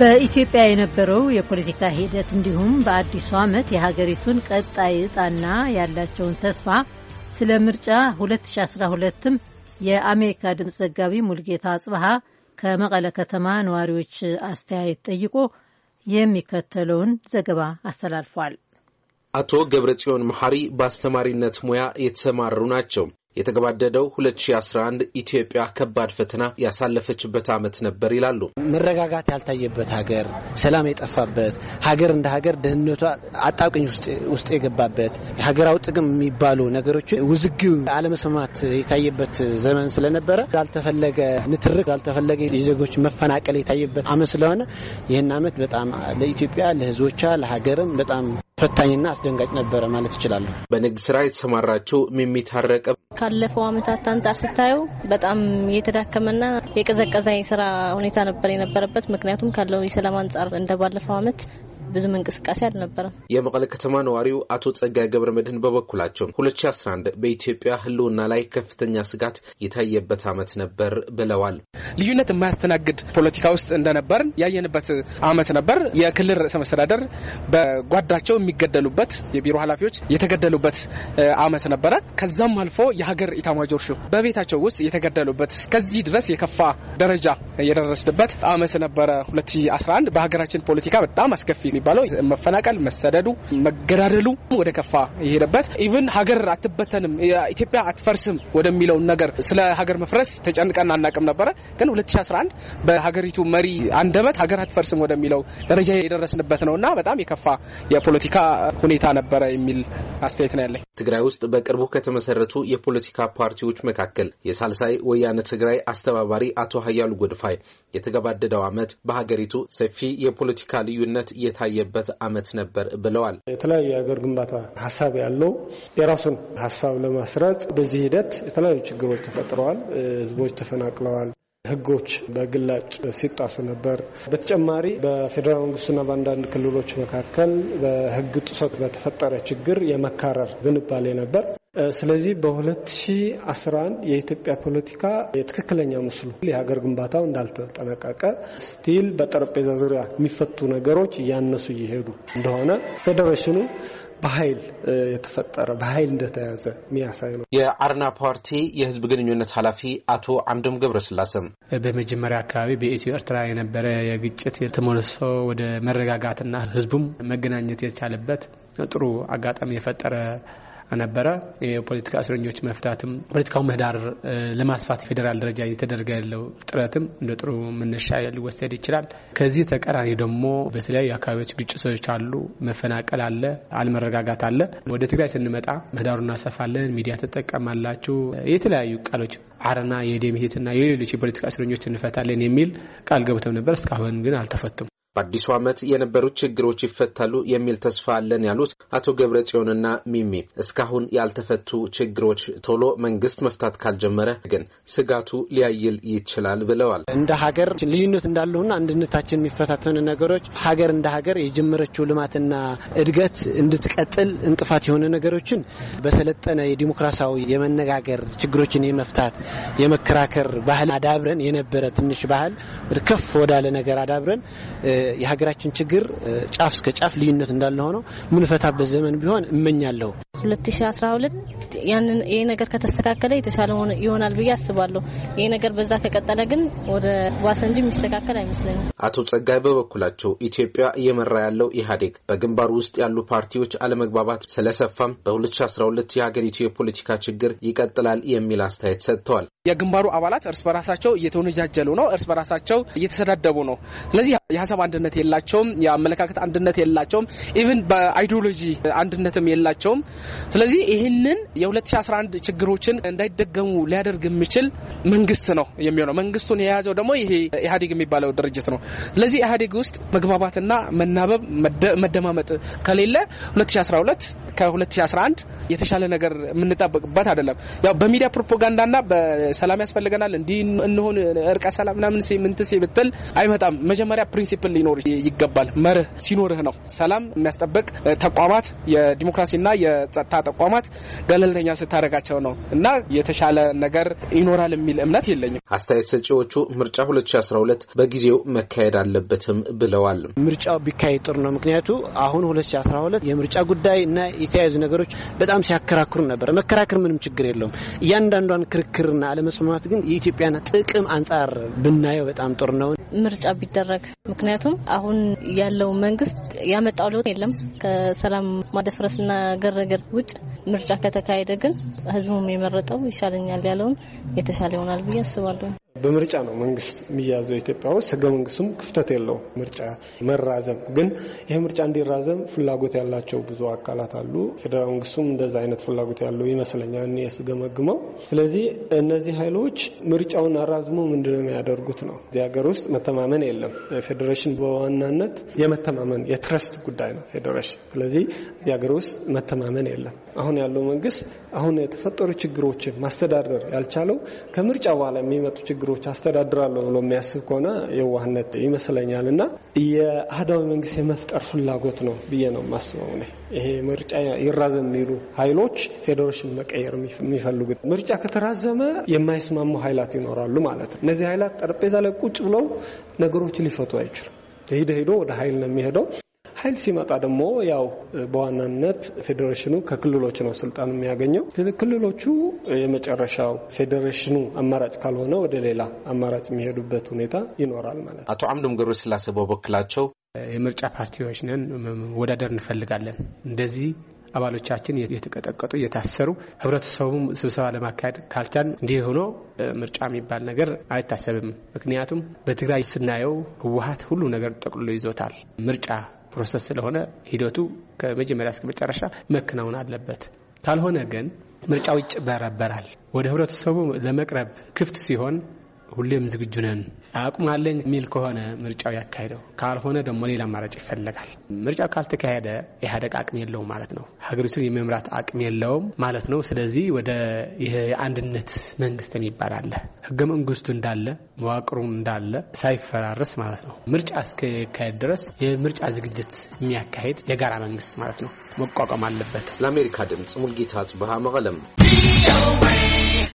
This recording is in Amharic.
በኢትዮጵያ የነበረው የፖለቲካ ሂደት እንዲሁም በአዲሱ ዓመት የሀገሪቱን ቀጣይ እጣና ያላቸውን ተስፋ ስለ ምርጫ 2012ም የአሜሪካ ድምፅ ዘጋቢ ሙልጌታ አጽብሃ ከመቀለ ከተማ ነዋሪዎች አስተያየት ጠይቆ የሚከተለውን ዘገባ አስተላልፏል። አቶ ገብረ ጽዮን መሐሪ በአስተማሪነት ሙያ የተሰማሩ ናቸው። የተገባደደው 2011 ኢትዮጵያ ከባድ ፈተና ያሳለፈችበት ዓመት ነበር ይላሉ። መረጋጋት ያልታየበት ሀገር፣ ሰላም የጠፋበት ሀገር፣ እንደ ሀገር ደህንነቷ አጣብቂኝ ውስጥ የገባበት ሀገራዊ ጥቅም የሚባሉ ነገሮች ውዝግብ፣ አለመስማማት የታየበት ዘመን ስለነበረ ያልተፈለገ ንትርክ፣ ያልተፈለገ የዜጎች መፈናቀል የታየበት ዓመት ስለሆነ ይህን ዓመት በጣም ለኢትዮጵያ ለህዝቦቻ ለሀገርም በጣም ፈታኝና አስደንጋጭ ነበረ ማለት ይችላሉ። በንግድ ስራ የተሰማራቸው ሚሚ ታረቀ ካለፈው ዓመታት አንጻር ስታየው በጣም የተዳከመና የቀዘቀዘ የስራ ሁኔታ ነበር የነበረበት። ምክንያቱም ካለው የሰላም አንጻር እንደ ባለፈው ዓመት ብዙም እንቅስቃሴ አልነበረም። የመቀለ ከተማ ነዋሪው አቶ ጸጋ ገብረ መድህን በበኩላቸው 2011 በኢትዮጵያ ሕልውና ላይ ከፍተኛ ስጋት የታየበት አመት ነበር ብለዋል። ልዩነት የማያስተናግድ ፖለቲካ ውስጥ እንደነበር ያየንበት አመት ነበር። የክልል ርዕሰ መስተዳደር በጓዳቸው የሚገደሉበት፣ የቢሮ ኃላፊዎች የተገደሉበት አመት ነበረ። ከዛም አልፎ የሀገር ኢታማጆር ሹም በቤታቸው ውስጥ የተገደሉበት እስከዚህ ድረስ የከፋ ደረጃ የደረስንበት አመት ነበረ 2011 በሀገራችን ፖለቲካ በጣም አስከፊ የሚባለው መፈናቀል፣ መሰደዱ፣ መገዳደሉ ወደ ከፋ የሄደበት ኢቭን ሀገር አትበተንም ኢትዮጵያ አትፈርስም ወደሚለውን ነገር ስለ ሀገር መፍረስ ተጨንቀን አናቅም ነበረ። ግን 2011 በሀገሪቱ መሪ አንደበት ሀገር አትፈርስም ወደሚለው ደረጃ የደረስንበት ነው እና በጣም የከፋ የፖለቲካ ሁኔታ ነበረ የሚል አስተያየት ነው ያለኝ። ትግራይ ውስጥ በቅርቡ ከተመሰረቱ የፖለቲካ ፓርቲዎች መካከል የሳልሳይ ወያነ ትግራይ አስተባባሪ አቶ ሀያሉ ጎድፋይ የተገባደደው ዓመት በሀገሪቱ ሰፊ የፖለቲካ ልዩነት የታ የታየበት አመት ነበር ብለዋል። የተለያዩ የሀገር ግንባታ ሀሳብ ያለው የራሱን ሀሳብ ለማስረጽ በዚህ ሂደት የተለያዩ ችግሮች ተፈጥረዋል። ህዝቦች ተፈናቅለዋል። ህጎች በግላጭ ሲጣሱ ነበር። በተጨማሪ በፌዴራል መንግስቱና በአንዳንድ ክልሎች መካከል በህግ ጥሰት በተፈጠረ ችግር የመካረር ዝንባሌ ነበር። ስለዚህ በ2011 የኢትዮጵያ ፖለቲካ የትክክለኛ ምስሉ የሀገር ግንባታው እንዳልተጠናቀቀ ስቲል በጠረጴዛ ዙሪያ የሚፈቱ ነገሮች እያነሱ እየሄዱ እንደሆነ ፌዴሬሽኑ በኃይል የተፈጠረ በኃይል እንደተያዘ የሚያሳይ ነው። የአርና ፓርቲ የህዝብ ግንኙነት ኃላፊ አቶ አምዶም ገብረስላሴም በመጀመሪያ አካባቢ በኢትዮ ኤርትራ የነበረ የግጭት ተመልሶ ወደ መረጋጋትና ህዝቡም መገናኘት የቻለበት ጥሩ አጋጣሚ የፈጠረ ነበረ። የፖለቲካ እስረኞች መፍታትም ፖለቲካው ምህዳር ለማስፋት ፌዴራል ደረጃ እየተደረገ ያለው ጥረትም እንደ ጥሩ መነሻ ሊወሰድ ይችላል። ከዚህ ተቀራኒ ደግሞ በተለያዩ አካባቢዎች ግጭቶች አሉ፣ መፈናቀል አለ፣ አለመረጋጋት አለ። ወደ ትግራይ ስንመጣ ምህዳሩ እናሰፋለን፣ ሚዲያ ትጠቀማላችሁ፣ የተለያዩ ቃሎች አረና፣ የደምሄትና የሌሎች የፖለቲካ እስረኞች እንፈታለን የሚል ቃል ገብተው ነበር። እስካሁን ግን አልተፈቱም። በአዲሱ ዓመት የነበሩት ችግሮች ይፈታሉ የሚል ተስፋ አለን ያሉት አቶ ገብረ ጽዮንና ሚሚ እስካሁን ያልተፈቱ ችግሮች ቶሎ መንግስት መፍታት ካልጀመረ ግን ስጋቱ ሊያይል ይችላል ብለዋል። እንደ ሀገር ልዩነት እንዳለውና አንድነታችን የሚፈታተኑ ነገሮች ሀገር እንደ ሀገር የጀመረችው ልማትና እድገት እንድትቀጥል እንቅፋት የሆነ ነገሮችን በሰለጠነ የዲሞክራሲያዊ የመነጋገር ችግሮችን የመፍታት የመከራከር ባህል አዳብረን የነበረ ትንሽ ባህል ከፍ ወዳለ ነገር አዳብረን የሀገራችን ችግር ጫፍ እስከ ጫፍ ልዩነት እንዳለ ሆነው ምንፈታበት ዘመን ቢሆን እመኛለሁ። 2012 ያንን ይሄ ነገር ከተስተካከለ የተሻለ ይሆናል ብዬ አስባለሁ። ይሄ ነገር በዛ ከቀጠለ ግን ወደ ባሰ እንጂ የሚስተካከል አይመስለኝም። አቶ ጸጋይ በበኩላቸው ኢትዮጵያ እየመራ ያለው ኢህአዴግ በግንባር ውስጥ ያሉ ፓርቲዎች አለመግባባት ስለሰፋም በ2012 የሀገሪቱ የፖለቲካ ችግር ይቀጥላል የሚል አስተያየት ሰጥተዋል። የግንባሩ አባላት እርስ በራሳቸው እየተወነጃጀሉ ነው፣ እርስ በራሳቸው እየተሰዳደቡ ነው። ስለዚህ የሀሳብ አንድነት የላቸውም፣ የአመለካከት አንድነት የላቸውም፣ ኢቭን በአይዲዮሎጂ አንድነትም የላቸውም። ስለዚህ ይህንን የ2011 ችግሮችን እንዳይደገሙ ሊያደርግ የሚችል መንግስት ነው የሚሆነው። መንግስቱን የያዘው ደግሞ ይሄ ኢህአዴግ የሚባለው ድርጅት ነው። ስለዚህ ኢህአዴግ ውስጥ መግባባትና መናበብ መደማመጥ ከሌለ 2012 ከ2011 የተሻለ ነገር የምንጠብቅበት አይደለም። ያው በሚዲያ ፕሮፓጋንዳና ሰላም ያስፈልገናል እንዲህ እንሆን እርቀ ሰላም ምናምን ምንትሴ ብትል አይመጣም። መጀመሪያ ፕሪንሲፕል ሊኖር ይገባል። መርህ ሲኖርህ ነው ሰላም የሚያስጠብቅ ተቋማት የዲሞክራሲና የጸጥታ ተቋማት ገለልተኛ ስታደረጋቸው ነው እና የተሻለ ነገር ይኖራል የሚል እምነት የለኝም። አስተያየት ሰጪዎቹ ምርጫ 2012 በጊዜው መካሄድ አለበትም ብለዋል። ምርጫው ቢካሄድ ጥሩ ነው። ምክንያቱ አሁን 2012 የምርጫ ጉዳይ እና የተያያዙ ነገሮች በጣም ሲያከራክሩ ነበር። መከራከር ምንም ችግር የለውም። እያንዳንዷን ክርክርና አለመስማማት ግን የኢትዮጵያን ጥቅም አንጻር ብናየው በጣም ጥሩ ነው ምርጫ ቢደረግ። ምክንያቱም አሁን ያለው መንግስት ያመጣው ለውጥ የለም ከሰላም ማደፍረስና ገረገር ውጭ። ምርጫ ከተካሄደ ግን ህዝቡም የመረጠው ይሻለኛል ያለውን የተሻለ ይሆናል ብዬ አስባለሁ። በምርጫ ነው መንግስት የሚያዘው ኢትዮጵያ ውስጥ ህገ መንግስቱም ክፍተት የለው ምርጫ መራዘም ግን ይህ ምርጫ እንዲራዘም ፍላጎት ያላቸው ብዙ አካላት አሉ። ፌዴራል መንግስቱም እንደዛ አይነት ፍላጎት ያለው ይመስለኛል ስገመግመው። ስለዚህ እነዚህ ኃይሎች ምርጫውን አራዝሞ ምንድነው የሚያደርጉት ነው። እዚህ ሀገር ውስጥ መተማመን የለም። ፌዴሬሽን በዋናነት የመተማመን የትረስት ጉዳይ ነው ፌዴሬሽን። ስለዚህ እዚህ ሀገር ውስጥ መተማመን የለም። አሁን ያለው መንግስት አሁን የተፈጠሩ ችግሮችን ማስተዳደር ያልቻለው ከምርጫ በኋላ የሚመጡ ችግሮች አስተዳድራለሁ ብሎ የሚያስብ ከሆነ የዋህነት ይመስለኛል እና የአህዳዊ መንግስት የመፍጠር ፍላጎት ነው ብዬ ነው የማስበው። ይሄ ምርጫ ይራዘም የሚሉ ኃይሎች ፌዴሬሽን መቀየር የሚፈልጉት ምርጫ ከተራዘመ የማይስማሙ ኃይላት ይኖራሉ ማለት ነው። እነዚህ ኃይላት ጠረጴዛ ላይ ቁጭ ብለው ነገሮች ሊፈቱ አይችሉም። ሄደ ሄዶ ወደ ኃይል ነው የሚሄደው። ኃይል ሲመጣ ደግሞ ያው በዋናነት ፌዴሬሽኑ ከክልሎች ነው ስልጣን የሚያገኘው። ክልሎቹ የመጨረሻው ፌዴሬሽኑ አማራጭ ካልሆነ ወደ ሌላ አማራጭ የሚሄዱበት ሁኔታ ይኖራል ማለት ነው። አቶ አምዶም ስላሴ በበኩላቸው የምርጫ ፓርቲዎች ነን፣ መወዳደር እንፈልጋለን። እንደዚህ አባሎቻችን የተቀጠቀጡ እየታሰሩ ህብረተሰቡ ስብሰባ ለማካሄድ ካልቻል እንዲህ ሆኖ ምርጫ የሚባል ነገር አይታሰብም። ምክንያቱም በትግራይ ስናየው ህወሀት ሁሉ ነገር ጠቅልሎ ይዞታል። ምርጫ ፕሮሰስ ስለሆነ ሂደቱ ከመጀመሪያ እስከ መጨረሻ መከናወን አለበት። ካልሆነ ግን ምርጫው ይጭበረበራል። ወደ ህብረተሰቡ ለመቅረብ ክፍት ሲሆን ሁሌም ዝግጁ ነን አቁማለኝ የሚል ከሆነ ምርጫው ያካሄደው፣ ካልሆነ ደግሞ ሌላ አማራጭ ይፈለጋል። ምርጫው ካልተካሄደ ኢህአዴግ አቅም የለውም ማለት ነው። ሀገሪቱን የመምራት አቅም የለውም ማለት ነው። ስለዚህ ወደ የአንድነት መንግስት የሚባል አለ። ህገ መንግስቱ እንዳለ መዋቅሩ እንዳለ ሳይፈራረስ ማለት ነው። ምርጫ እስከካሄድ ድረስ የምርጫ ዝግጅት የሚያካሄድ የጋራ መንግስት ማለት ነው መቋቋም አለበት። ለአሜሪካ ድምፅ ሙልጌታ ጽብሃ መቀለም